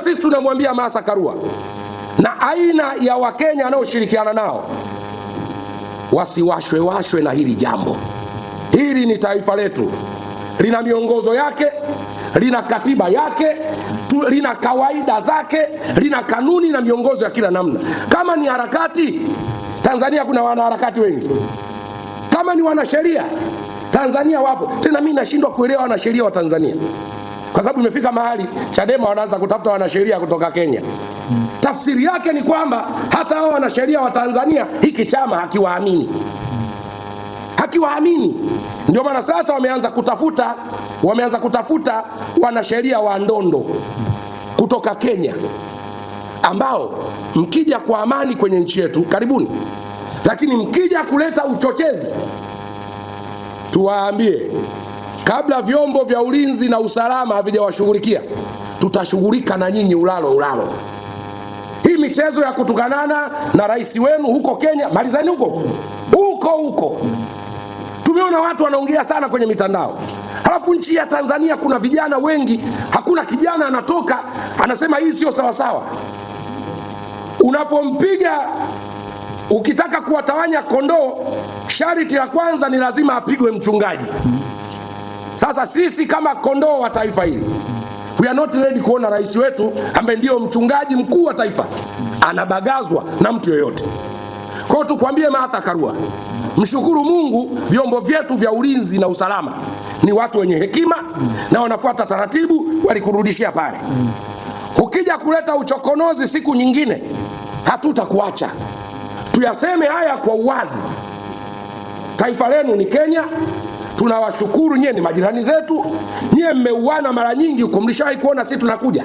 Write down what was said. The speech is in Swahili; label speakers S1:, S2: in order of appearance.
S1: sisi tunamwambia Martha Karua na aina ya Wakenya anaoshirikiana nao wasiwashwe washwe na hili jambo. Hili ni taifa letu, lina miongozo yake, lina katiba yake tu, lina kawaida zake, lina kanuni na miongozo ya kila namna. Kama ni harakati, Tanzania kuna wanaharakati wengi. Kama ni wanasheria, Tanzania wapo. Tena mimi nashindwa kuelewa wanasheria wa Tanzania kwa sababu imefika mahali Chadema wanaanza kutafuta wanasheria kutoka Kenya. Tafsiri yake ni kwamba hata hao wanasheria wa Tanzania hiki chama hakiwaamini, hakiwaamini. Ndio maana sasa wameanza kutafuta, wameanza kutafuta wanasheria wa ndondo kutoka Kenya ambao mkija kwa amani kwenye nchi yetu karibuni, lakini mkija kuleta uchochezi tuwaambie Kabla vyombo vya ulinzi na usalama havijawashughulikia, tutashughulika na nyinyi ulalo ulalo. Hii michezo ya kutukanana na rais wenu huko Kenya, malizani huko huko huko. Tumeona watu wanaongea sana kwenye mitandao, halafu nchi ya Tanzania kuna vijana wengi, hakuna kijana anatoka anasema hii sio sawasawa. Unapompiga ukitaka kuwatawanya kondoo, sharti la kwanza ni lazima apigwe mchungaji. Sasa sisi kama kondoo wa taifa hili we are not ready kuona rais wetu ambaye ndiyo mchungaji mkuu wa taifa anabagazwa na mtu yoyote. Kwa hiyo tukwambie Martha Karua, mshukuru Mungu, vyombo vyetu vya ulinzi na usalama ni watu wenye hekima na wanafuata taratibu, walikurudishia pale. Ukija kuleta uchokonozi siku nyingine, hatutakuacha. Tuyaseme haya kwa uwazi, taifa lenu ni Kenya tunawashukuru nyie, ni majirani zetu, nyie mmeuana mara nyingi huko, mlishawahi kuona sisi tunakuja.